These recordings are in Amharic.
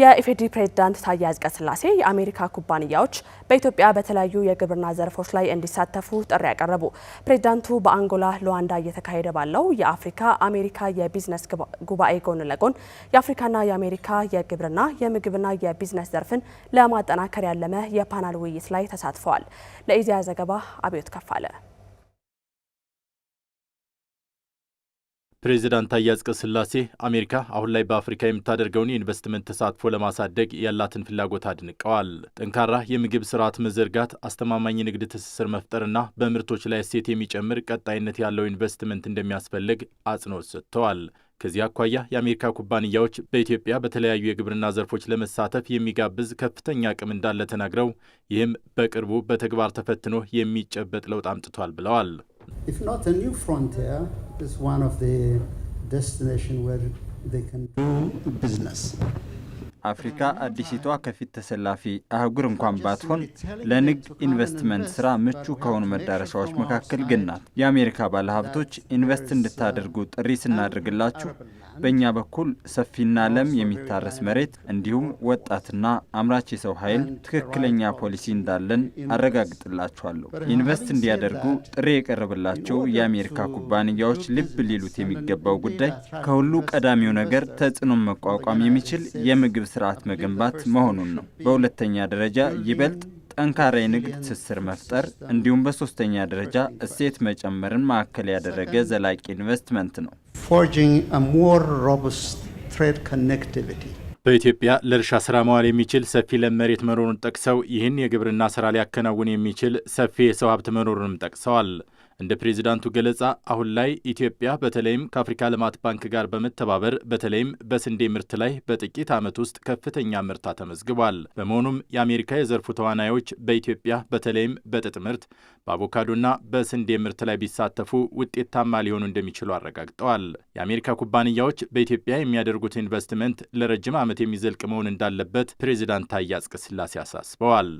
የኢፌዴሪ ፕሬዝዳንት ታዬ አጽቀሥላሴ የአሜሪካ ኩባንያዎች በኢትዮጵያ በተለያዩ የግብርና ዘርፎች ላይ እንዲሳተፉ ጥሪ ያቀረቡ። ፕሬዝዳንቱ በአንጎላ ሉዋንዳ እየተካሄደ ባለው የአፍሪካ አሜሪካ የቢዝነስ ጉባኤ ጎን ለጎን የአፍሪካና የአሜሪካ የግብርና የምግብና የቢዝነስ ዘርፍን ለማጠናከር ያለመ የፓናል ውይይት ላይ ተሳትፈዋል። ለኢዜአ ዘገባ አብዮት ከፋለ ፕሬዚዳንት ታዬ ሥላሴ አሜሪካ አሁን ላይ በአፍሪካ የምታደርገውን የኢንቨስትመንት ተሳትፎ ለማሳደግ ያላትን ፍላጎት አድንቀዋል። ጠንካራ የምግብ ስርዓት መዘርጋት፣ አስተማማኝ ንግድ ትስስር መፍጠርና በምርቶች ላይ እሴት የሚጨምር ቀጣይነት ያለው ኢንቨስትመንት እንደሚያስፈልግ አጽንኦት ሰጥተዋል። ከዚህ አኳያ የአሜሪካ ኩባንያዎች በኢትዮጵያ በተለያዩ የግብርና ዘርፎች ለመሳተፍ የሚጋብዝ ከፍተኛ አቅም እንዳለ ተናግረው ይህም በቅርቡ በተግባር ተፈትኖ የሚጨበጥ ለውጥ አምጥቷል ብለዋል። if not a new frontier, is one of the destinations where they can do business. አፍሪካ አዲሲቷ ከፊት ተሰላፊ አህጉር እንኳን ባትሆን ለንግድ ኢንቨስትመንት ስራ ምቹ ከሆኑ መዳረሻዎች መካከል ግን ናት። የአሜሪካ ባለሀብቶች ኢንቨስት እንድታደርጉ ጥሪ ስናደርግላችሁ በእኛ በኩል ሰፊና ለም የሚታረስ መሬት እንዲሁም ወጣትና አምራች የሰው ኃይል ትክክለኛ ፖሊሲ እንዳለን አረጋግጥላችኋለሁ። ኢንቨስት እንዲያደርጉ ጥሪ የቀረበላቸው የአሜሪካ ኩባንያዎች ልብ ሊሉት የሚገባው ጉዳይ ከሁሉ ቀዳሚው ነገር ተጽዕኖን መቋቋም የሚችል የምግብ ስርዓት መገንባት መሆኑን ነው። በሁለተኛ ደረጃ ይበልጥ ጠንካራ የንግድ ትስስር መፍጠር እንዲሁም በሶስተኛ ደረጃ እሴት መጨመርን ማዕከል ያደረገ ዘላቂ ኢንቨስትመንት ነው። በኢትዮጵያ ለእርሻ ስራ መዋል የሚችል ሰፊ ለም መሬት መኖሩን ጠቅሰው ይህን የግብርና ስራ ሊያከናውን የሚችል ሰፊ የሰው ሀብት መኖሩንም ጠቅሰዋል። እንደ ፕሬዚዳንቱ ገለጻ አሁን ላይ ኢትዮጵያ በተለይም ከአፍሪካ ልማት ባንክ ጋር በመተባበር በተለይም በስንዴ ምርት ላይ በጥቂት ዓመት ውስጥ ከፍተኛ ምርታ ተመዝግቧል። በመሆኑም የአሜሪካ የዘርፉ ተዋናዮች በኢትዮጵያ በተለይም በጥጥ ምርት፣ በአቮካዶና በስንዴ ምርት ላይ ቢሳተፉ ውጤታማ ሊሆኑ እንደሚችሉ አረጋግጠዋል። የአሜሪካ ኩባንያዎች በኢትዮጵያ የሚያደርጉት ኢንቨስትመንት ለረጅም ዓመት የሚዘልቅ መሆን እንዳለበት ፕሬዚዳንት ታዬ አጽቀሥላሴ አሳስበዋል።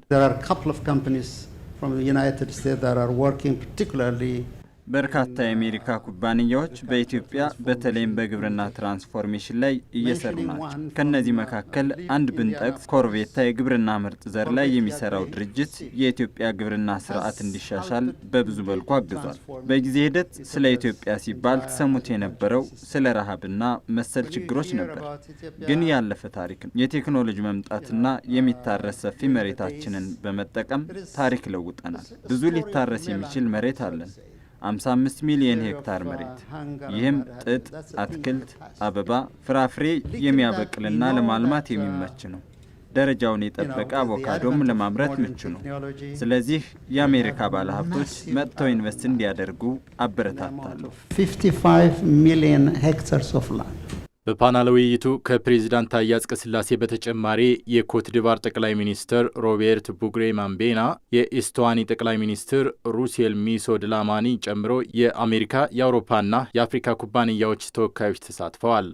from the United States that are working particularly በርካታ የአሜሪካ ኩባንያዎች በኢትዮጵያ በተለይም በግብርና ትራንስፎርሜሽን ላይ እየሰሩ ናቸው። ከእነዚህ መካከል አንድ ብንጠቅስ ኮርቬታ የግብርና ምርጥ ዘር ላይ የሚሰራው ድርጅት የኢትዮጵያ ግብርና ስርዓት እንዲሻሻል በብዙ መልኩ አግዟል። በጊዜ ሂደት ስለ ኢትዮጵያ ሲባል ትሰሙት የነበረው ስለ ረሃብና መሰል ችግሮች ነበር፣ ግን ያለፈ ታሪክ ነው። የቴክኖሎጂ መምጣትና የሚታረስ ሰፊ መሬታችንን በመጠቀም ታሪክ ለውጠናል። ብዙ ሊታረስ የሚችል መሬት አለን። 55 ሚሊዮን ሄክታር መሬት። ይህም ጥጥ፣ አትክልት፣ አበባ፣ ፍራፍሬ የሚያበቅልና ለማልማት የሚመች ነው። ደረጃውን የጠበቀ አቮካዶም ለማምረት ምቹ ነው። ስለዚህ የአሜሪካ ባለሀብቶች መጥተው ኢንቨስት እንዲያደርጉ አበረታታለሁ። 55 ሚሊዮን ሄክታር ኦፍ ላንድ በፓናል ውይይቱ ከፕሬዚዳንት ታዬ አጽቀሥላሴ በተጨማሪ የኮትዲቫር ጠቅላይ ሚኒስትር ሮቤርት ቡግሬ ማምቤና የኢስቶዋኒ ጠቅላይ ሚኒስትር ሩሴል ሚሶ ድላማኒ ጨምሮ የአሜሪካ የአውሮፓና የአፍሪካ ኩባንያዎች ተወካዮች ተሳትፈዋል።